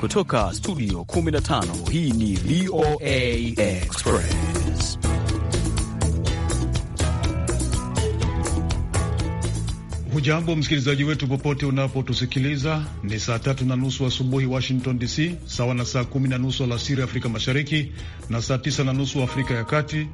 Kutoka studio 15 hii ni VOA Express. Hujambo msikilizaji wetu popote unapotusikiliza. Ni saa tatu na nusu asubuhi wa Washington DC, sawa na saa kumi na nusu alasiri Afrika Mashariki na saa tisa na nusu Afrika ya Kati.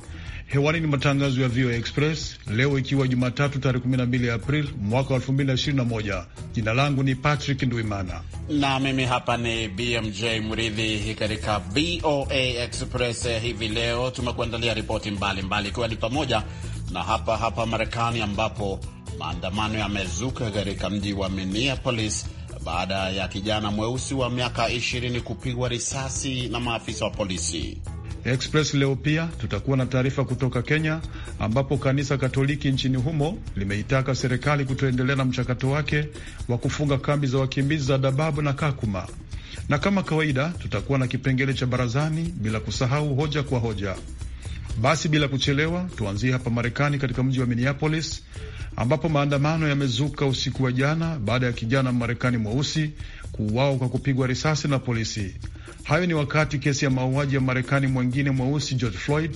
Hewani ni matangazo ya VOA Express leo ikiwa Jumatatu tarehe 12 Aprili mwaka 2021. Jina langu ni Patrick nduimana na mimi hapa ni BMJ Mridhi. Katika VOA Express eh, hivi leo tumekuandalia ripoti mbalimbali, ikiwa ni pamoja na hapa hapa Marekani ambapo maandamano yamezuka katika mji wa Minneapolis baada ya kijana mweusi wa miaka 20 kupigwa risasi na maafisa wa polisi. Express leo pia tutakuwa na taarifa kutoka Kenya ambapo kanisa Katoliki nchini humo limeitaka serikali kutoendelea na mchakato wake wa kufunga kambi za wakimbizi za Dadaab na Kakuma. Na kama kawaida tutakuwa na kipengele cha barazani bila kusahau hoja kwa hoja. Basi bila kuchelewa tuanzie hapa Marekani katika mji wa Minneapolis ambapo maandamano yamezuka usiku wa jana baada ya kijana marekani mweusi kuuawa kwa kupigwa risasi na polisi. Hayo ni wakati kesi ya mauaji ya Marekani mwengine mweusi George Floyd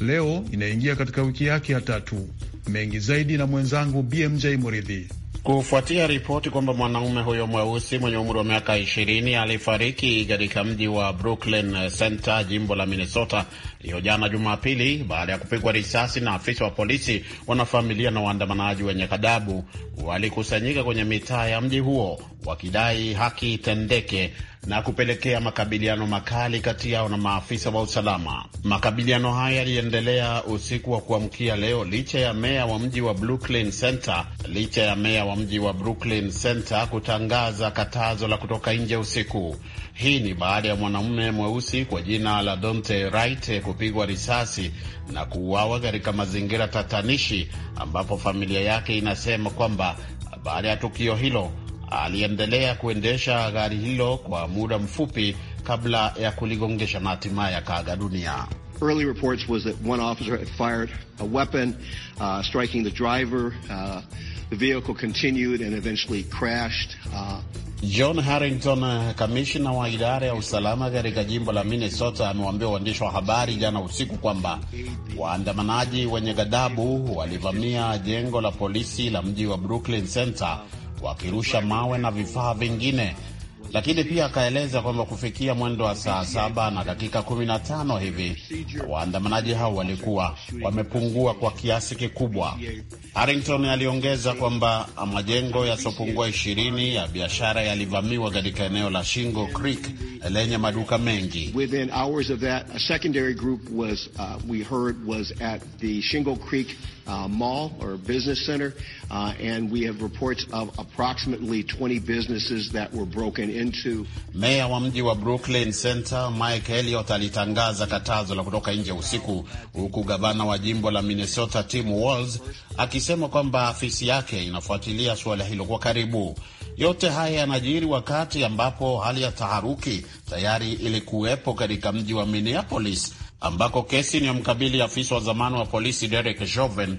leo inaingia katika wiki yake ya tatu. Mengi zaidi na mwenzangu BMJ Muridhi. Kufuatia ripoti kwamba mwanaume huyo mweusi mwenye umri wa miaka 20 alifariki katika mji wa Brooklyn Center, jimbo la Minnesota, hiyo jana Jumapili baada ya kupigwa risasi na afisa wa polisi. Wanafamilia na waandamanaji wenye kadabu walikusanyika kwenye mitaa ya mji huo wakidai haki itendeke na kupelekea makabiliano makali kati yao na maafisa wa usalama. Makabiliano haya yaliendelea usiku wa kuamkia leo licha ya meya wa mji wa Brooklyn Center licha ya meya wa mji wa Brooklyn Center kutangaza katazo la kutoka nje usiku. Hii ni baada ya mwanamume mweusi kwa jina la Donte Wright kupigwa risasi na kuuawa katika mazingira tatanishi, ambapo familia yake inasema kwamba baada ya tukio hilo aliendelea kuendesha gari hilo kwa muda mfupi kabla ya kuligongesha na hatimaye akaaga dunia. The vehicle continued and eventually crashed. Uh, John Harrington, uh, kamishna wa idara ya usalama katika jimbo la Minnesota, amewaambia waandishi wa habari jana usiku kwamba waandamanaji wenye ghadhabu walivamia jengo la polisi la mji wa Brooklyn Center wakirusha mawe na vifaa vingine lakini pia akaeleza kwamba kufikia mwendo wa saa saba na dakika kumi na tano hivi waandamanaji hao walikuwa wamepungua kwa kiasi kikubwa. Harrington aliongeza kwamba majengo yasiopungua ishirini ya biashara yalivamiwa katika eneo la Shingo Creek lenye maduka mengi. Within hours of that, a secondary group was, uh, we heard was at the Creek uh, mall or business center, uh, and we have reports of approximately 20 businesses that were broken into. Meya wa mji wa Brooklyn Center Mike Elliott alitangaza katazo la kutoka nje usiku, huku gavana wa jimbo la Minnesota Tim Walz akisema kwamba afisi yake inafuatilia suala hilo kwa karibu. Yote haya yanajiri wakati ambapo hali ya taharuki tayari ilikuwepo katika mji wa Minneapolis ambako kesi mkabili afisa wa zamani wa polisi Derek Chauvin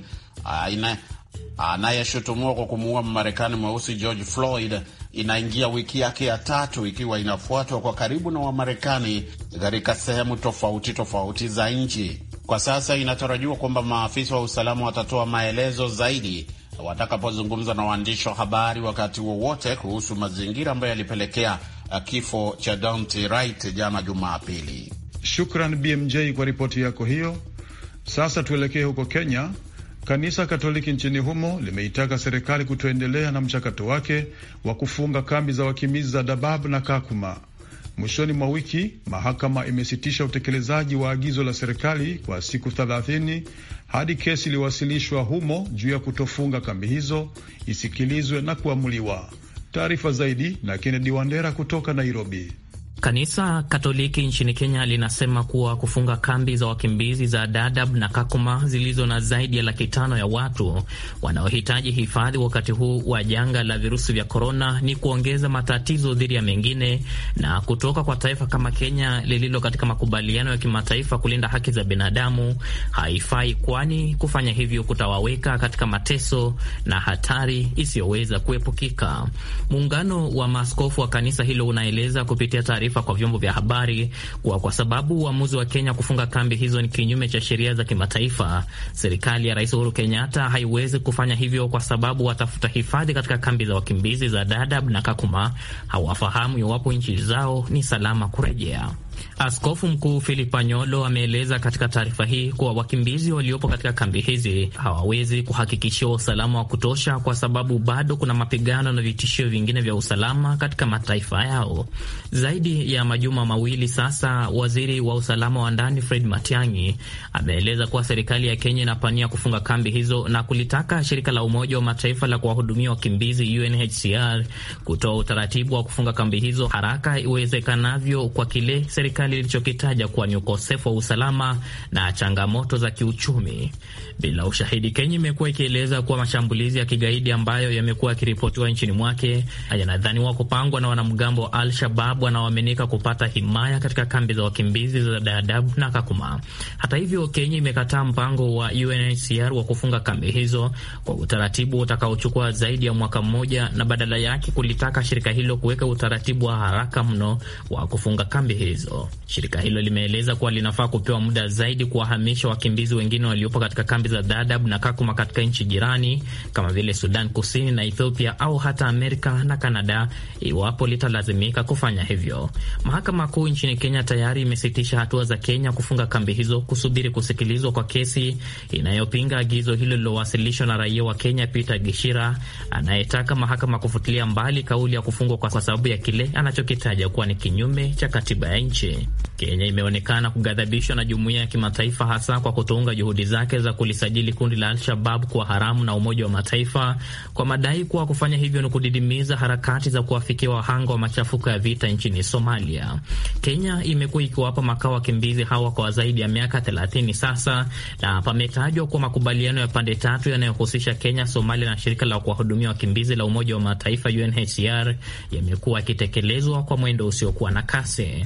anayeshutumiwa kwa kumuua Mmarekani mweusi George Floyd inaingia wiki yake ya tatu ikiwa inafuatwa kwa karibu na Wamarekani katika sehemu tofauti tofauti za nchi. Kwa sasa inatarajiwa kwamba maafisa wa usalama watatoa maelezo zaidi watakapozungumza na waandishi wa habari wakati wowote kuhusu mazingira ambayo yalipelekea kifo cha Daunte Wright jana Jumapili. Shukran BMJ kwa ripoti yako hiyo. Sasa tuelekee huko Kenya. Kanisa Katoliki nchini humo limeitaka serikali kutoendelea na mchakato wake wa kufunga kambi za wakimbizi za Dadaab na Kakuma. Mwishoni mwa wiki mahakama imesitisha utekelezaji wa agizo la serikali kwa siku 30 hadi kesi iliyowasilishwa humo juu ya kutofunga kambi hizo isikilizwe na kuamuliwa. Taarifa zaidi na Kennedy Wandera kutoka Nairobi. Kanisa Katoliki nchini Kenya linasema kuwa kufunga kambi za wakimbizi za Dadaab na Kakuma zilizo na zaidi ya laki tano ya watu wanaohitaji hifadhi wakati huu wa janga la virusi vya korona ni kuongeza matatizo dhidi ya mengine na kutoka kwa taifa kama Kenya lililo katika makubaliano ya kimataifa kulinda haki za binadamu haifai, kwani kufanya hivyo kutawaweka katika mateso na hatari isiyoweza kuepukika. Muungano wa maaskofu wa kanisa hilo unaeleza kupitia taarifa taarifa kwa vyombo vya habari kuwa kwa sababu uamuzi wa Kenya kufunga kambi hizo ni kinyume cha sheria za kimataifa, serikali ya Rais Uhuru Kenyatta haiwezi kufanya hivyo kwa sababu watafuta hifadhi katika kambi za wakimbizi za Dadaab na Kakuma hawafahamu iwapo nchi zao ni salama kurejea. Askofu Mkuu Anyolo ameeleza katika taarifa hii kuwa wakimbizi waliopo katika kambi hizi hawawezi kuhakikishiwa usalama wa kutosha, kwa sababu bado kuna mapigano na vitishio vingine vya usalama katika mataifa yao. Zaidi ya majuma mawili sasa, waziri wa usalama wa ndani Fred Matiang'i ameeleza kuwa serikali ya Kenya inapania kufunga kambi hizo na kulitaka shirika la Umoja wa Mataifa la kuwahudumia wakimbizi UNHCR kutoa utaratibu wa kufunga kambi hizo haraka iwezekanavyo kwa kile serikali ilichokitaja kuwa ni ukosefu wa usalama na changamoto za kiuchumi. Bila ushahidi, Kenya imekuwa ikieleza kuwa mashambulizi ya kigaidi ambayo yamekuwa yakiripotiwa nchini mwake yanadhaniwa kupangwa na wanamgambo wa Al-Shabab wanaoaminika kupata himaya katika kambi za wakimbizi za Dadaab na Kakuma. Hata hivyo, Kenya imekataa mpango wa UNHCR wa kufunga kambi hizo kwa utaratibu utakaochukua zaidi ya mwaka mmoja na badala yake kulitaka shirika hilo kuweka utaratibu wa haraka mno wa kufunga kambi hizo. Mexico. Shirika hilo limeeleza kuwa linafaa kupewa muda zaidi kuwahamisha wakimbizi wengine waliopo katika kambi za Dadaab na Kakuma katika nchi jirani kama vile Sudan Kusini na Ethiopia au hata Amerika na Kanada iwapo litalazimika kufanya hivyo. Mahakama Kuu nchini Kenya tayari imesitisha hatua za Kenya kufunga kambi hizo kusubiri kusikilizwa kwa kesi inayopinga agizo hilo lilowasilishwa na raia wa Kenya Peter Gishira anayetaka mahakama kufutilia mbali kauli ya kufungwa kwa sababu ya kile anachokitaja kuwa ni kinyume cha katiba ya nchi nchi. Kenya imeonekana kughadhabishwa na jumuiya ya kimataifa hasa kwa kutounga juhudi zake za kulisajili kundi la Al-Shabab kuwa haramu na Umoja wa Mataifa kwa madai kuwa kufanya hivyo ni kudidimiza harakati za kuwafikia wahanga wa machafuko ya vita nchini Somalia. Kenya imekuwa ikiwapa makao wakimbizi hawa kwa zaidi ya miaka 30 sasa, na pametajwa kuwa makubaliano ya pande tatu yanayohusisha Kenya, Somalia na shirika la kuwahudumia wakimbizi la Umoja wa Mataifa UNHCR yamekuwa yakitekelezwa kwa mwendo usiokuwa na kasi.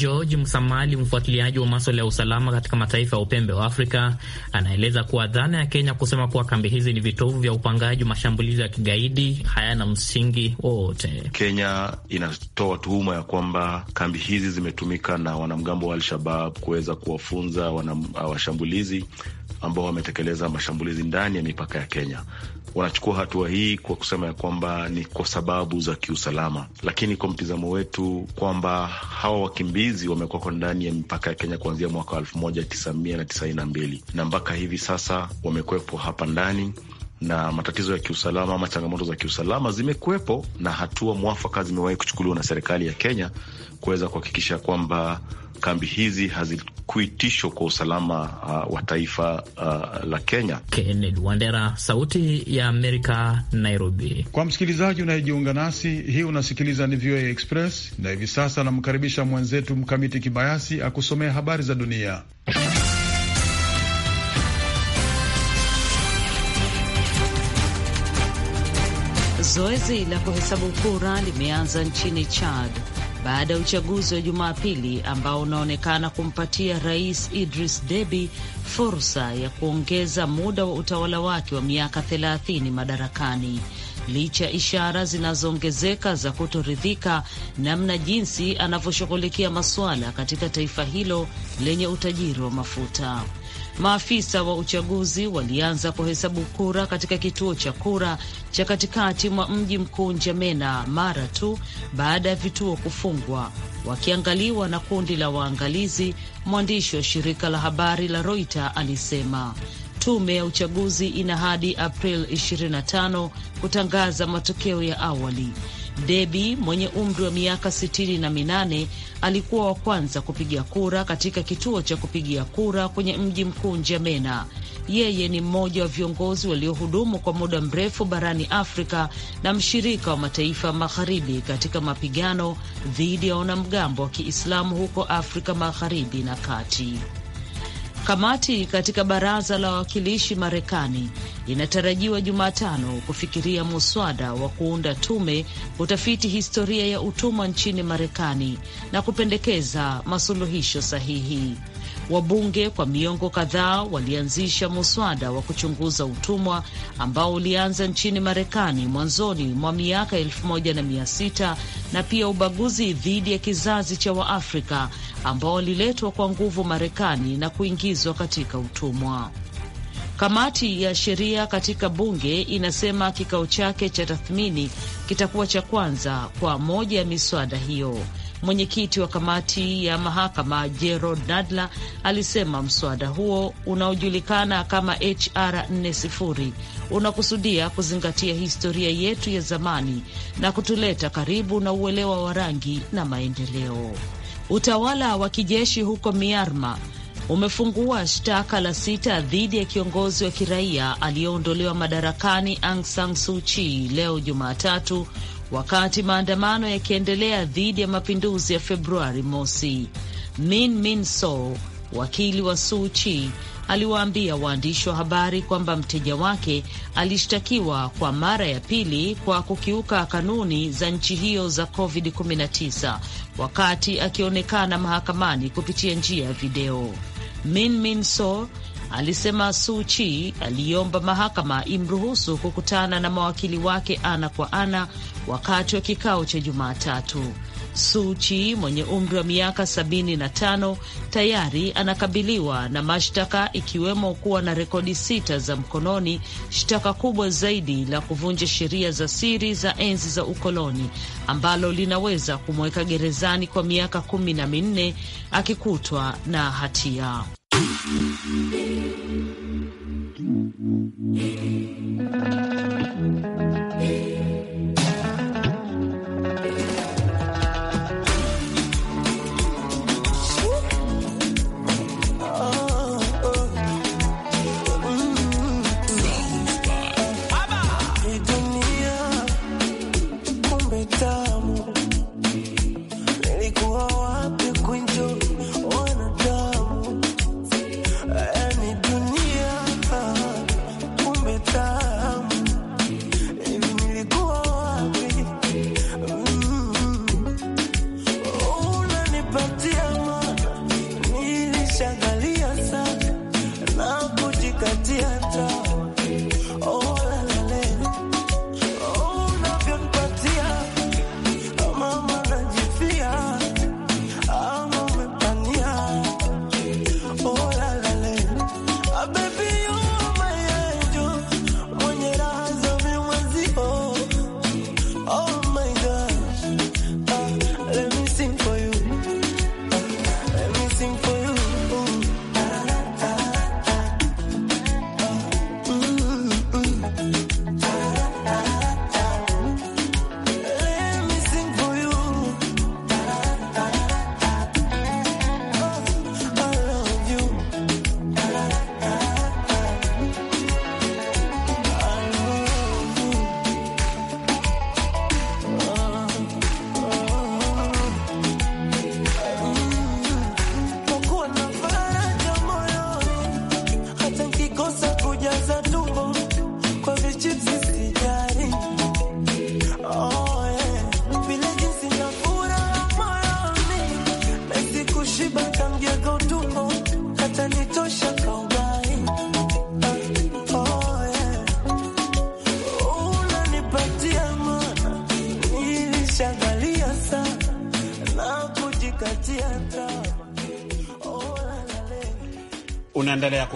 George Msamali, mfuatiliaji wa maswala ya usalama katika mataifa ya upembe wa Afrika, anaeleza kuwa dhana ya Kenya kusema kuwa kambi hizi ni vitovu vya upangaji wa mashambulizi ya kigaidi hayana msingi wowote. Kenya inatoa tuhuma ya kwamba kambi hizi zimetumika na wanamgambo wa Al-Shabab kuweza kuwafunza washambulizi ambao wametekeleza mashambulizi ndani ya mipaka ya Kenya. Wanachukua hatua hii kwa kusema ya kwamba ni kwa sababu za kiusalama, lakini kwa mtizamo wetu kwamba hawa wakimbizi wamekuwako ndani ya mipaka ya Kenya kuanzia mwaka wa 1992 na mpaka hivi sasa wamekuwepo hapa ndani na matatizo ya kiusalama ama changamoto za kiusalama zimekuwepo, na hatua mwafaka zimewahi kuchukuliwa na serikali ya Kenya kuweza kuhakikisha kwamba kambi hizi hazikui tisho kwa usalama uh, wa taifa uh, la Kenya. Kennedy Wandera, Sauti ya Amerika, Nairobi. Kwa msikilizaji unayejiunga nasi, hii unasikiliza ni VOA Express, na hivi sasa anamkaribisha mwenzetu Mkamiti Kibayasi akusomea habari za dunia. Zoezi la kuhesabu kura limeanza nchini Chad baada ya uchaguzi wa Jumapili ambao unaonekana kumpatia Rais Idris Deby fursa ya kuongeza muda wa utawala wake wa miaka 30 madarakani licha ishara zinazoongezeka za kutoridhika namna jinsi anavyoshughulikia masuala katika taifa hilo lenye utajiri wa mafuta. Maafisa wa uchaguzi walianza kuhesabu kura katika kituo cha kura cha katikati mwa mji mkuu Njamena mara tu baada ya vituo kufungwa, wakiangaliwa na kundi la waangalizi. Mwandishi wa shirika la habari la Reuters alisema tume ya uchaguzi ina hadi April 25 kutangaza matokeo ya awali. Debi mwenye umri wa miaka sitini na minane alikuwa wa kwanza kupiga kura katika kituo cha kupigia kura kwenye mji mkuu Njamena. Yeye ni mmoja wa viongozi waliohudumu kwa muda mrefu barani Afrika na mshirika wa mataifa magharibi katika mapigano dhidi ya wanamgambo wa Kiislamu huko Afrika magharibi na kati. Kamati katika baraza la wawakilishi Marekani inatarajiwa Jumatano kufikiria muswada wa kuunda tume kutafiti historia ya utumwa nchini Marekani na kupendekeza masuluhisho sahihi. Wabunge kwa miongo kadhaa walianzisha muswada wa kuchunguza utumwa ambao ulianza nchini Marekani mwanzoni mwa miaka 16 na na pia ubaguzi dhidi ya kizazi cha Waafrika ambao waliletwa kwa nguvu Marekani na kuingizwa katika utumwa. Kamati ya sheria katika bunge inasema kikao chake cha tathmini kitakuwa cha kwanza kwa moja ya miswada hiyo. Mwenyekiti wa kamati ya mahakama Jerrold Nadler alisema mswada huo unaojulikana kama HR 40 unakusudia kuzingatia historia yetu ya zamani na kutuleta karibu na uelewa wa rangi na maendeleo. Utawala wa kijeshi huko Myanmar umefungua shtaka la sita dhidi ya kiongozi wa kiraia aliyeondolewa madarakani Aung San Suu Kyi leo Jumatatu, wakati maandamano yakiendelea dhidi ya mapinduzi ya Februari mosi. Min Min So, wakili wa Suu Kyi, aliwaambia waandishi wa habari kwamba mteja wake alishtakiwa kwa mara ya pili kwa kukiuka kanuni za nchi hiyo za COVID-19 wakati akionekana mahakamani kupitia njia ya video. Min Min So alisema suchi Kyi aliomba mahakama imruhusu kukutana na mawakili wake ana kwa ana wakati wa kikao cha Jumatatu. Suchi mwenye umri wa miaka 75 tayari anakabiliwa na mashtaka ikiwemo kuwa na rekodi sita za mkononi, shtaka kubwa zaidi la kuvunja sheria za siri za enzi za ukoloni ambalo linaweza kumweka gerezani kwa miaka kumi na minne akikutwa na hatia.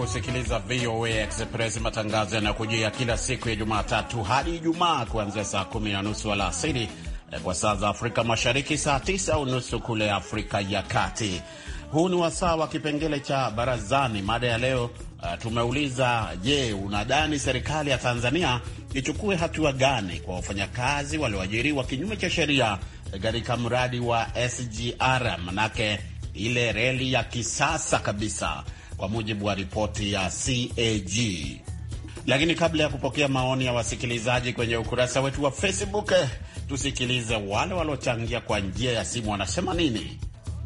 kusikiliza VOA Express, matangazo yanayokujia kila siku ya Jumatatu hadi Ijumaa kuanzia saa kumi na nusu alasiri eh, kwa saa za Afrika Mashariki, saa tisa unusu kule Afrika ya Kati. Huu ni wasaa wa kipengele cha barazani. Mada ya leo uh, tumeuliza je, unadhani serikali ya Tanzania ichukue hatua gani kwa wafanyakazi walioajiriwa kinyume cha sheria eh, katika mradi wa SGR, manake ile reli ya kisasa kabisa kwa mujibu wa ripoti ya CAG. Lakini kabla ya kupokea maoni ya wasikilizaji kwenye ukurasa wetu wa Facebook, tusikilize wale waliochangia kwa njia ya simu wanasema nini.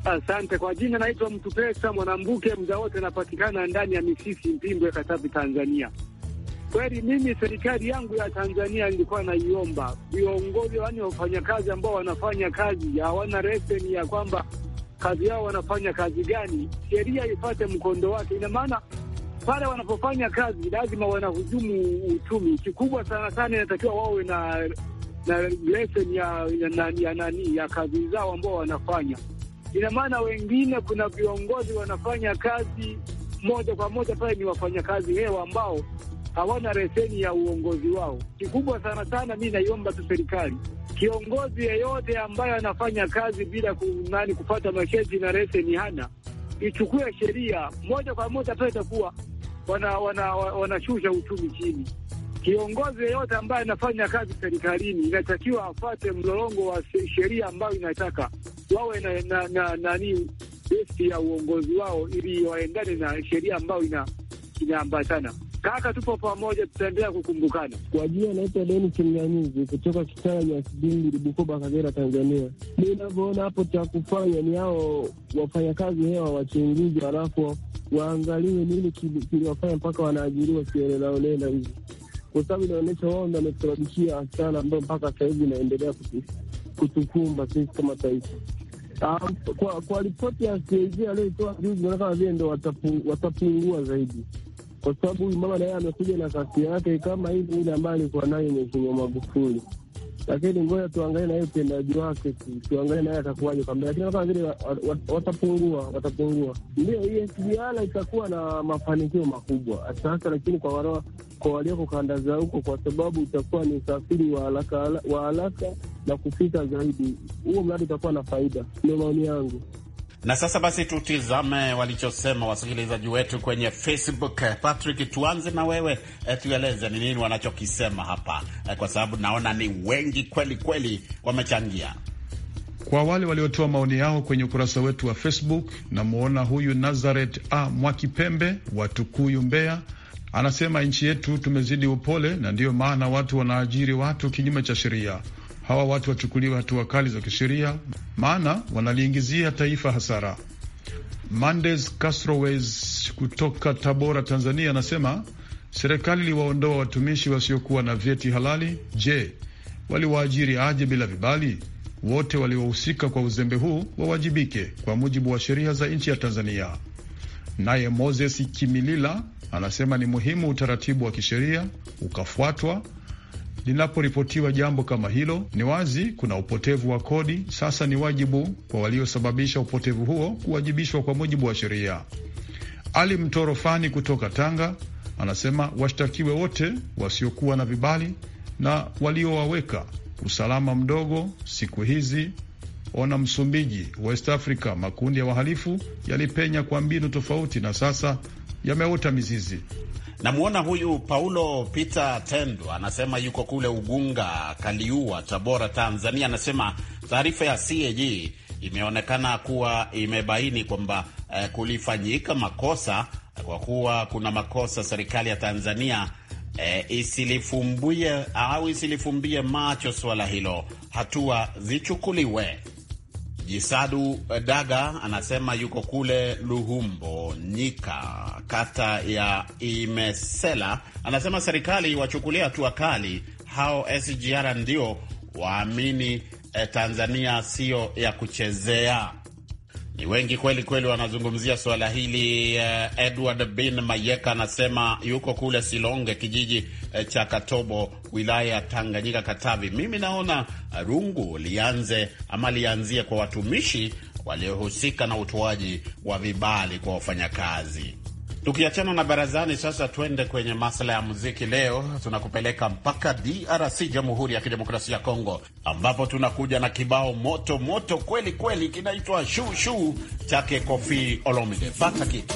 Asante kwa jina, naitwa Mtu Pesa Mwanambuke, muda wote anapatikana ndani ya Misisi, ya Katavi, Tanzania. Kweli mimi serikali yangu ya Tanzania nilikuwa naiomba viongozi, yaani wafanyakazi ambao wanafanya kazi hawana leseni ya kwamba kazi yao wanafanya kazi gani, sheria ifate mkondo wake. Ina maana pale wanapofanya kazi lazima wanahujumu uchumi. Kikubwa sana sana inatakiwa wawe na na leseni ya ya, ya, ya, nani ya kazi zao ambao wanafanya. Ina maana wengine, kuna viongozi wanafanya kazi moja kwa moja pale ni wafanyakazi hewa ambao hawana leseni ya uongozi wao. Kikubwa sana sana, mi naiomba tu serikali Kiongozi yeyote ambaye anafanya kazi bila kunani kupata masheti na leseni hana ichukue sheria moja kwa moja pale, itakuwa wanashusha wana, wana uchumi chini. Kiongozi yeyote ambaye anafanya kazi serikalini inatakiwa afate mlolongo wa sheria ambayo inataka wawe na, na, na, nani besti ya uongozi wao ili waendane na sheria ambayo ina, inaambatana Kaka, tupo pamoja, tutaendelea kukumbukana. Kwa jina naitwa Denis Mnyanyuzi kutoka Kitara Nyasibili, Bukoba, Kagera, Tanzania. Mi navyoona hapo cha kufanya ni hao wafanyakazi hewa wachunguzi, halafu waangaliwe nini kiliwafanya mpaka wanaajiriwa kielelaolela hivi, kwa sababu inaonyesha wao ndo wamesababishia hasara ambayo mpaka sahizi inaendelea kutukumba sisi kama taifa. Ah, kwa, kwa ripoti ya CAG aliyoitoa juzi, naona kama vile ndo watapungua zaidi kwa sababu huyu mama naye amekuja na kasi yake kama hivi ile ambayo alikuwa nayo Mheshimiwa Magufuli, lakini ngoja tuangalie naye utendaji wake, tuangalie naye atakuwaje kwamba, lakini kama vile watapungua watapungua, ndio ESGR itakuwa na mafanikio makubwa sasa, lakini kwa waro, kwa walioko kanda za huko, kwa sababu itakuwa ni usafiri wa haraka wa haraka na kufika zaidi. Huo mradi utakuwa na faida, ndio maoni yangu. Na sasa basi tutizame walichosema wasikilizaji wetu kwenye Facebook. Patrick, tuanze na wewe, eh, tueleze ni nini wanachokisema hapa, eh, kwa sababu naona ni wengi kweli kweli wamechangia. Kwa wale waliotoa maoni yao kwenye ukurasa wetu wa Facebook, namwona huyu Nazaret A Mwakipembe wa Tukuyu, Mbeya, anasema nchi yetu tumezidi upole, na ndiyo maana watu wanaajiri watu kinyume cha sheria hawa watu wachukuliwe hatua kali za kisheria, maana wanaliingizia taifa hasara. Mandes Castrowes kutoka Tabora, Tanzania, anasema serikali iliwaondoa watumishi wasiokuwa na vyeti halali. Je, waliwaajiri aje bila vibali? Wote waliohusika kwa uzembe huu wawajibike kwa mujibu wa sheria za nchi ya Tanzania. Naye Moses Kimilila anasema ni muhimu utaratibu wa kisheria ukafuatwa Linaporipotiwa jambo kama hilo, ni wazi kuna upotevu wa kodi. Sasa ni wajibu kwa waliosababisha upotevu huo kuwajibishwa kwa mujibu wa sheria. Ali Mtorofani kutoka Tanga anasema washtakiwe wote wasiokuwa na vibali na waliowaweka usalama mdogo siku hizi. Ona Msumbiji, West Africa, makundi ya wahalifu yalipenya kwa mbinu tofauti, na sasa yameota mizizi. Namwona huyu Paulo Peter Tendo anasema yuko kule Ugunga, Kaliua, Tabora, Tanzania. Anasema taarifa ya CAG imeonekana kuwa imebaini kwamba eh, kulifanyika makosa eh, kwa kuwa kuna makosa serikali ya Tanzania eh, isilifumbie au isilifumbie macho swala hilo, hatua zichukuliwe. Jisadu eh, Daga anasema yuko kule Luhumbo Nyika, kata ya Imesela. Anasema serikali wachukulia hatua kali hao SGR, ndio waamini eh, Tanzania sio ya kuchezea. Ni wengi kweli kweli wanazungumzia suala hili. Eh, Edward Bin Mayeka anasema yuko kule Silonge, kijiji eh, cha Katobo, wilaya ya Tanganyika, Katavi. Mimi naona rungu lianze ama lianzie kwa watumishi waliohusika na utoaji wa vibali kwa wafanyakazi. Tukiachana na barazani sasa, tuende kwenye masuala ya muziki. Leo tunakupeleka mpaka DRC, Jamhuri ya Kidemokrasia ya Kongo, ambapo tunakuja na kibao moto moto kweli kweli kinaitwa shuu shuu chake Kofi Olomide. Pata kitu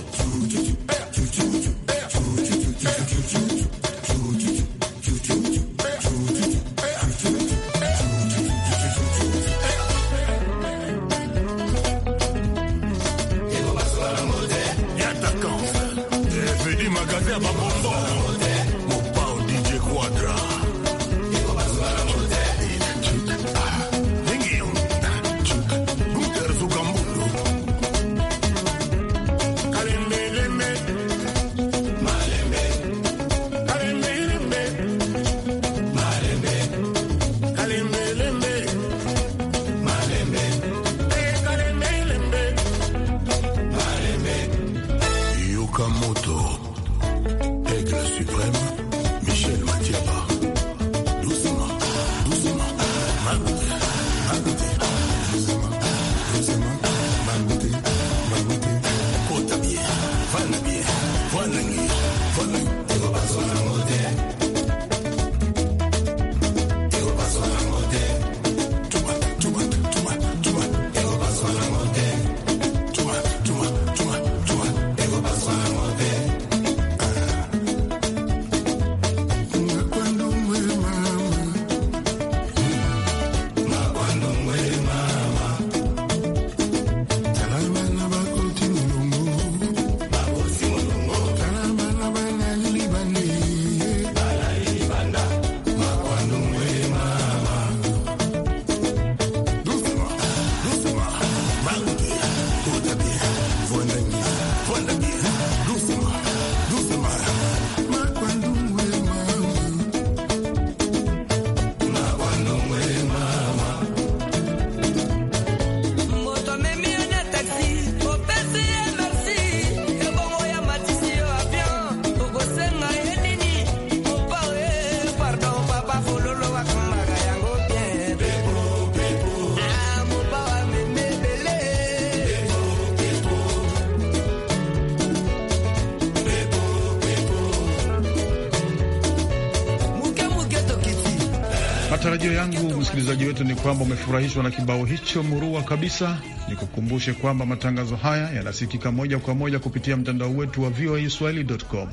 yetu ni kwamba umefurahishwa na kibao hicho murua kabisa. Nikukumbushe kwamba matangazo haya yanasikika moja kwa moja kupitia mtandao wetu wa voa voaswahili.com.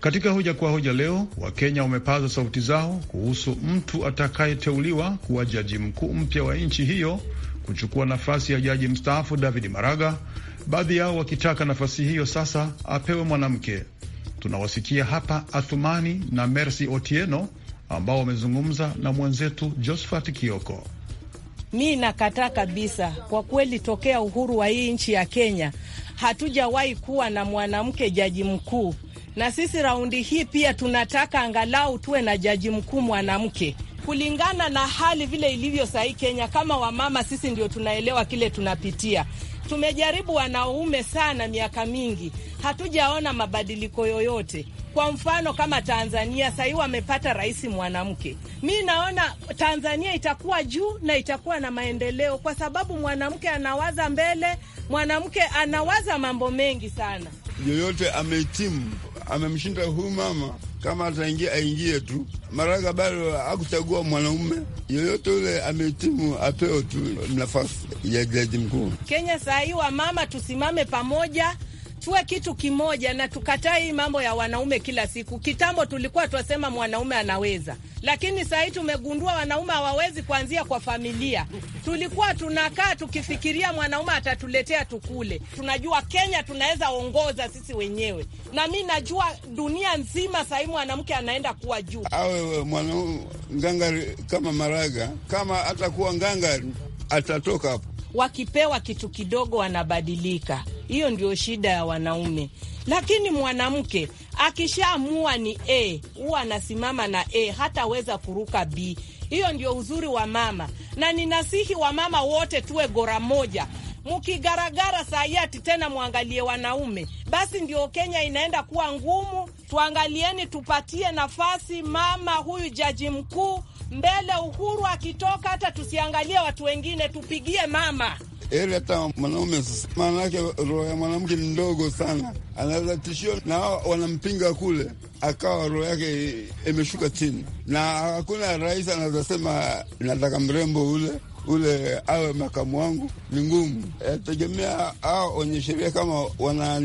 Katika hoja kwa hoja leo, Wakenya wamepaza sauti zao kuhusu mtu atakayeteuliwa kuwa jaji mkuu mpya wa nchi hiyo kuchukua nafasi ya jaji mstaafu David Maraga, baadhi yao wakitaka nafasi hiyo sasa apewe mwanamke. Tunawasikia hapa Athumani na Mercy Otieno ambao wamezungumza na mwenzetu Josephat Kioko. Mi nakataa kabisa kwa kweli, tokea uhuru wa hii nchi ya Kenya hatujawahi kuwa na mwanamke jaji mkuu, na sisi raundi hii pia tunataka angalau tuwe na jaji mkuu mwanamke kulingana na hali vile ilivyo sahii Kenya, kama wamama sisi ndio tunaelewa kile tunapitia. Tumejaribu wanaume sana miaka mingi, hatujaona mabadiliko yoyote. Kwa mfano kama Tanzania sahii wamepata rais mwanamke. Mi naona Tanzania itakuwa juu na itakuwa na maendeleo, kwa sababu mwanamke anawaza mbele, mwanamke anawaza mambo mengi sana. Yoyote amehitimu amemshinda huyu mama kama ataingia aingie tu, Maraga bado akuchagua mwanaume yoyote yule, amehitimu apewe tu nafasi ya jaji mkuu. Kenya saa hii, wamama tusimame pamoja, tuwe kitu kimoja na tukatae hii mambo ya wanaume kila siku. Kitambo tulikuwa twasema mwanaume anaweza, lakini saa hii tumegundua wanaume hawawezi kuanzia kwa familia. Tulikuwa tunakaa tukifikiria mwanaume atatuletea tukule. Tunajua Kenya tunaweza ongoza sisi wenyewe, na mi najua dunia nzima saa hii mwanamke anaenda kuwa juu, awe mwanaume ngangari kama Maraga, kama atakuwa ngangari atatoka hapo wakipewa kitu kidogo wanabadilika. Hiyo ndio shida ya wanaume, lakini mwanamke akishaamua ni A huwa anasimama na A, hataweza kuruka B. Hiyo ndio uzuri wa mama, na ninasihi wamama wote tuwe gora moja. Mkigaragara sayati tena mwangalie wanaume, basi ndio Kenya inaenda kuwa ngumu. Tuangalieni, tupatie nafasi mama huyu jaji mkuu mbele. Uhuru akitoka, hata tusiangalie watu wengine, tupigie mama ili hata mwanaume maanake, roho ya mwanamke ni ndogo sana, anaweza tishio na wanampinga kule, akawa roho yake imeshuka chini, na hakuna rais anaweza sema nataka mrembo ule ule awe makamu wangu. Ni ngumu, yategemea hao wenye sheria kama wana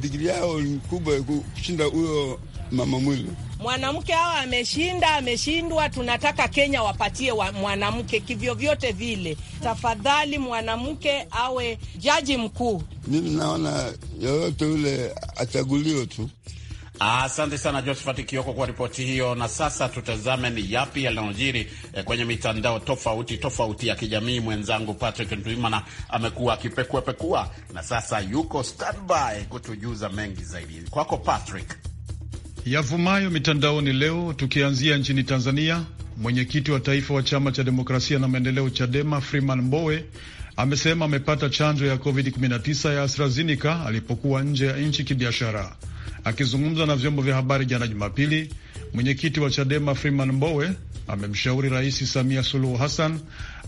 digiri yao ni kubwa kushinda huyo mama mwili mwanamke hawa ameshinda, ameshindwa, tunataka Kenya wapatie wa mwanamke kivyo vyote vile. Tafadhali mwanamke awe jaji mkuu. Mimi naona yoyote yule achaguliwe tu. Asante sana Josephat Kioko kwa ripoti hiyo. Na sasa tutazame ni yapi yanayojiri eh, kwenye mitandao tofauti tofauti ya kijamii. Mwenzangu Patrick Ndwimana amekuwa akipekuapekua na sasa yuko standby kutujuza mengi zaidi. Kwako Patrick. Yavumayo mitandaoni leo, tukianzia nchini Tanzania. Mwenyekiti wa taifa wa chama cha demokrasia na maendeleo CHADEMA Freeman Mbowe amesema amepata chanjo ya COVID-19 ya AstraZeneca alipokuwa nje ya nchi kibiashara. Akizungumza na vyombo vya habari jana Jumapili, mwenyekiti wa CHADEMA Freeman Mbowe amemshauri Rais Samia Suluhu Hassan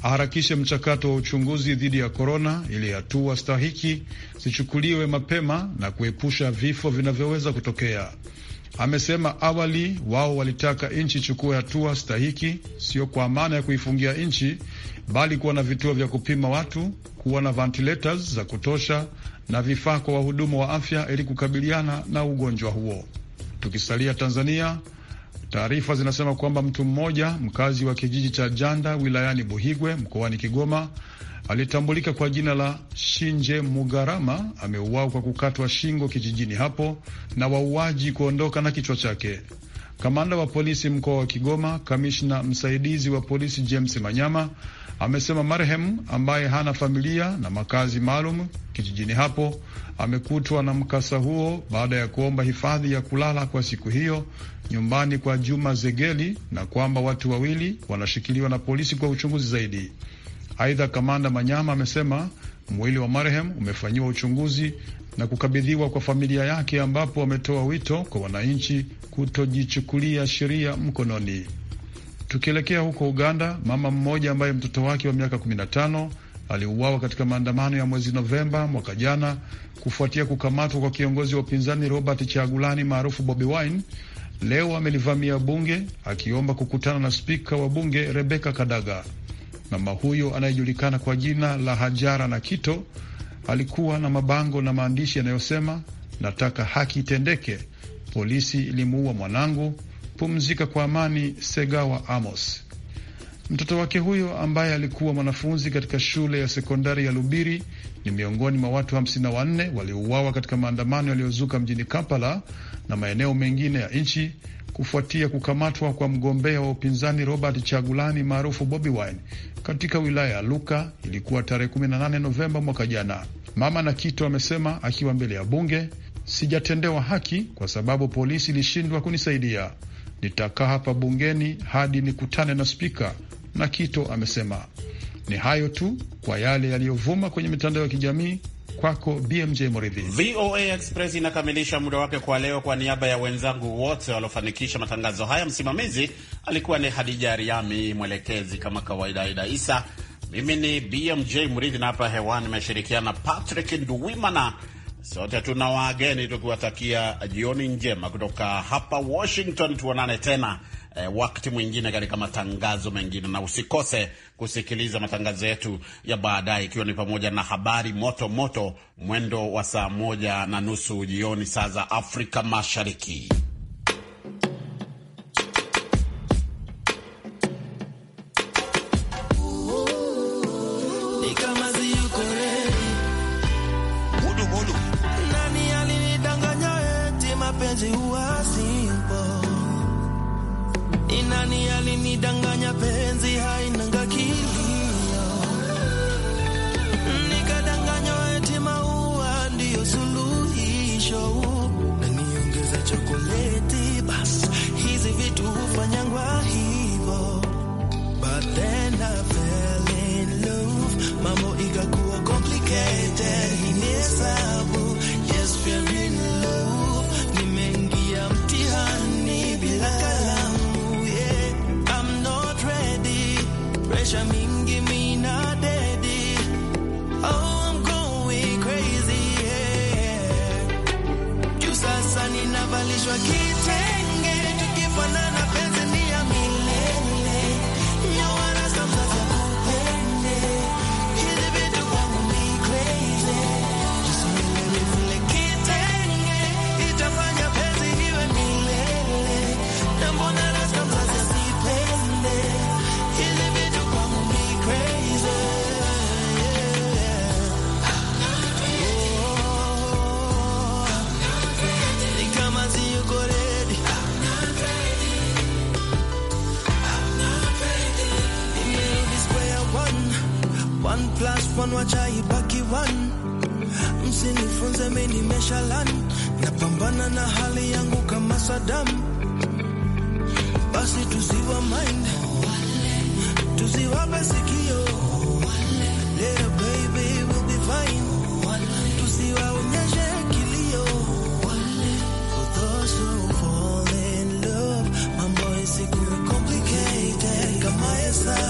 aharakishe mchakato wa uchunguzi dhidi ya korona ili hatua stahiki zichukuliwe mapema na kuepusha vifo vinavyoweza kutokea. Amesema awali wao walitaka nchi ichukue hatua stahiki, sio kwa maana ya kuifungia nchi, bali kuwa na vituo vya kupima watu, kuwa na ventilators za kutosha na vifaa kwa wahudumu wa afya ili kukabiliana na ugonjwa huo. Tukisalia Tanzania, taarifa zinasema kwamba mtu mmoja mkazi wa kijiji cha Janda wilayani Buhigwe mkoani Kigoma alitambulika kwa jina la Shinje Mugarama ameuawa kwa kukatwa shingo kijijini hapo na wauaji kuondoka na kichwa chake. Kamanda wa polisi mkoa wa Kigoma, kamishna msaidizi wa polisi James Manyama amesema marehemu ambaye hana familia na makazi maalum kijijini hapo amekutwa na mkasa huo baada ya kuomba hifadhi ya kulala kwa siku hiyo nyumbani kwa Juma Zegeli na kwamba watu wawili wanashikiliwa na polisi kwa uchunguzi zaidi. Aidha, kamanda Manyama amesema mwili wa marehemu umefanyiwa uchunguzi na kukabidhiwa kwa familia yake, ambapo wametoa wito kwa wananchi kutojichukulia sheria mkononi. Tukielekea huko Uganda, mama mmoja ambaye mtoto wake wa miaka 15 aliuawa katika maandamano ya mwezi Novemba mwaka jana kufuatia kukamatwa kwa kiongozi wa upinzani Robert Chagulani maarufu Bobi Wine, leo amelivamia bunge akiomba kukutana na spika wa bunge Rebecca Kadaga. Mama huyo anayejulikana kwa jina la Hajara na Kito alikuwa na mabango na maandishi yanayosema nataka haki itendeke, polisi ilimuua mwanangu, pumzika kwa amani, Segawa Amos. Mtoto wake huyo ambaye alikuwa mwanafunzi katika shule ya sekondari ya Lubiri ni miongoni mwa watu 54 waliouawa katika maandamano yaliyozuka mjini Kampala na maeneo mengine ya nchi kufuatia kukamatwa kwa mgombea wa upinzani Robert Chagulani maarufu Bobi Wine katika wilaya ya Luka ilikuwa tarehe 18 Novemba mwaka jana. Mama Nakito amesema akiwa mbele ya bunge, sijatendewa haki kwa sababu polisi ilishindwa kunisaidia. Nitakaa hapa bungeni hadi nikutane na spika, Nakito amesema. Ni hayo tu kwa yale yaliyovuma kwenye mitandao ya kijamii. Kwako BMJ Mridhi. VOA Express inakamilisha muda wake kwa leo. Kwa niaba ya wenzangu wote waliofanikisha matangazo haya, msimamizi alikuwa ni Hadija Riami, mwelekezi kama kawaida Aida Isa. Mimi ni BMJ Mridhi na hapa hewani nimeshirikiana Patrick Nduwimana. Sote tuna wageni tukiwatakia jioni njema kutoka hapa Washington. Tuonane tena eh, wakati mwingine katika matangazo mengine, na usikose kusikiliza matangazo yetu ya baadaye, ikiwa ni pamoja na habari moto moto mwendo wa saa moja na nusu jioni saa za Afrika Mashariki. Nani alinidanganya eti mapenzi nani alinidanganya penzi hainanga kilio, nikadanganywa eti maua ndiyo suluhisho na niongeza chokoleti, basi hizi vitu hufanyangwa Yo aquí